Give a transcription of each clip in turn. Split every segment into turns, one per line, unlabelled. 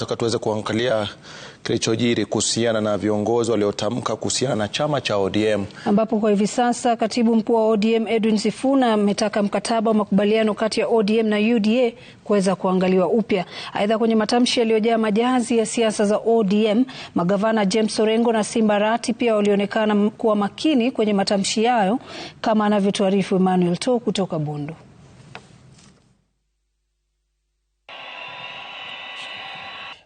Nataka tuweze kuangalia kilichojiri kuhusiana na viongozi waliotamka kuhusiana na chama cha ODM,
ambapo kwa hivi sasa katibu mkuu wa ODM Edwin Sifuna ametaka mkataba wa makubaliano kati ya ODM na UDA kuweza kuangaliwa upya. Aidha, kwenye matamshi yaliyojaa majazi ya siasa za ODM, magavana James Orengo na Simba Arati pia walionekana kuwa makini kwenye matamshi yao, kama anavyotuarifu Emmanuel To kutoka Bondo.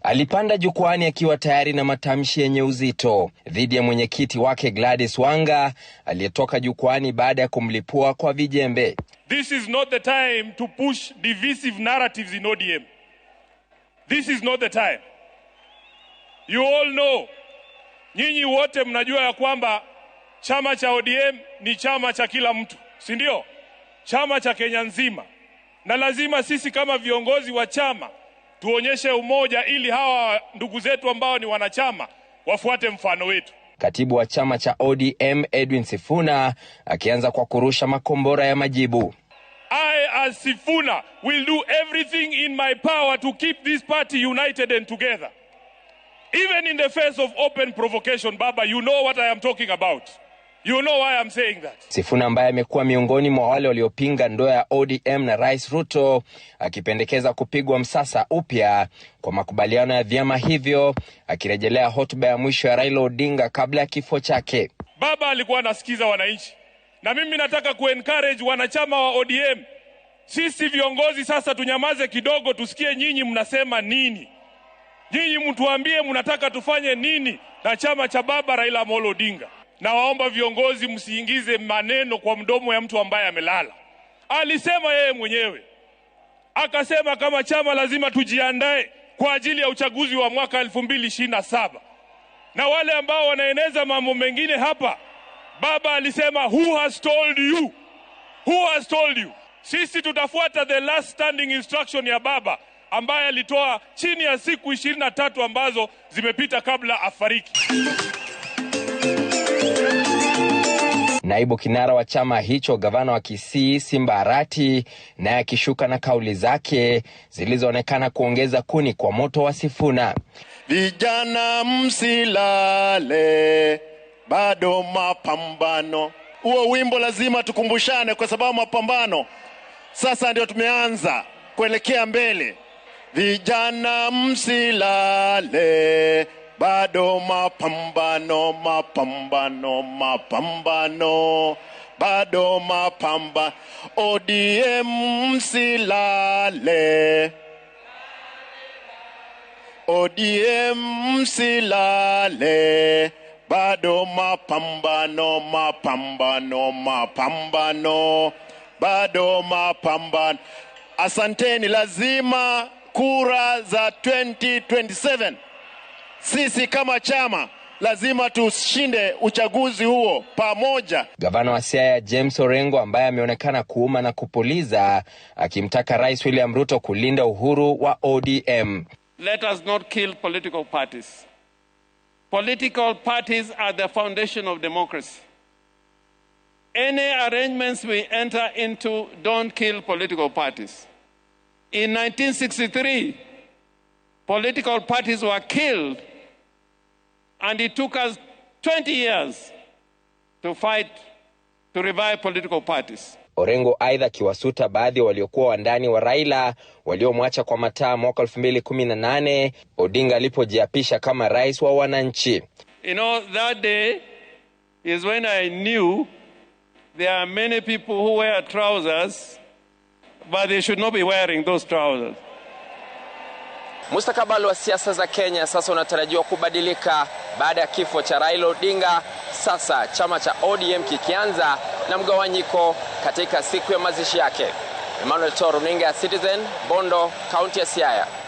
Alipanda jukwani akiwa tayari na matamshi yenye uzito dhidi ya mwenyekiti wake Gladys Wanga aliyetoka jukwani baada ya kumlipua kwa vijembe.
This is not the time to push divisive narratives in ODM. This is not the time. You all know, nyinyi wote mnajua ya kwamba chama cha ODM ni chama cha kila mtu, si ndio? Chama cha Kenya nzima, na lazima sisi kama viongozi wa chama tuonyeshe umoja ili hawa ndugu zetu ambao ni wanachama wafuate mfano wetu.
Katibu wa chama cha ODM Edwin Sifuna akianza kwa kurusha makombora ya majibu.
I as Sifuna will do everything in my power to keep this party united and together. Even in the face of open provocation, Baba, you know what I am talking about. You know why I'm saying that.
Sifuna ambaye amekuwa miongoni mwa wale waliopinga ndoa ya ODM na Rais Ruto akipendekeza kupigwa msasa upya kwa makubaliano ya vyama hivyo akirejelea hotuba ya mwisho ya Raila Odinga kabla ya kifo chake.
Baba alikuwa anasikiza wananchi. Na mimi nataka kuencourage wanachama wa ODM. Sisi viongozi sasa tunyamaze kidogo tusikie nyinyi mnasema nini. Nyinyi mtuambie mnataka tufanye nini na chama cha baba Raila Amolo Odinga. Nawaomba viongozi msiingize maneno kwa mdomo ya mtu ambaye amelala. Alisema yeye mwenyewe, akasema kama chama lazima tujiandae kwa ajili ya uchaguzi wa mwaka elfu mbili ishirini na saba. Na wale ambao wanaeneza mambo mengine hapa, baba alisema who has told you? Who has told you? Sisi tutafuata the last standing instruction ya baba ambaye alitoa chini ya siku ishirini na tatu ambazo zimepita kabla afariki.
Naibu kinara wa chama hicho gavana wa Kisii Simba Arati naye akishuka na kauli zake zilizoonekana kuongeza kuni kwa moto wa Sifuna. Vijana msilale, bado mapambano.
Huo wimbo lazima tukumbushane, kwa sababu mapambano sasa ndio tumeanza kuelekea mbele. Vijana msilale bado mapambano, mapambano, mapambano, bado mapamba. ODM msilale, ODM msilale, bado mapambano, mapambano, mapambano, bado mapambano. Asanteni, lazima kura za 2027 sisi kama chama lazima tushinde uchaguzi huo pamoja.
Gavana wa Siaya James Orengo, ambaye ameonekana kuuma na kupuliza, akimtaka Rais William Ruto kulinda uhuru wa ODM.
Let us not kill political parties. Political parties are the foundation of democracy. Any arrangements we enter into don't kill political parties. In 1963, political parties were killed And it took us 20 years to fight to revive political parties.
Orengo aidha akiwasuta baadhi waliokuwa wandani wa Raila waliomwacha kwa mataa mwaka 2018 Odinga alipojiapisha kama rais wa wananchi.
You know, that day is when I knew there are many people who wear trousers but they should not be wearing those trousers.
Mustakabali wa siasa za Kenya sasa unatarajiwa kubadilika baada ya kifo cha Raila Odinga, sasa chama cha ODM kikianza na mgawanyiko katika siku ya mazishi yake. Emmanuel Toro, runinga ya Citizen, Bondo, kaunti ya Siaya.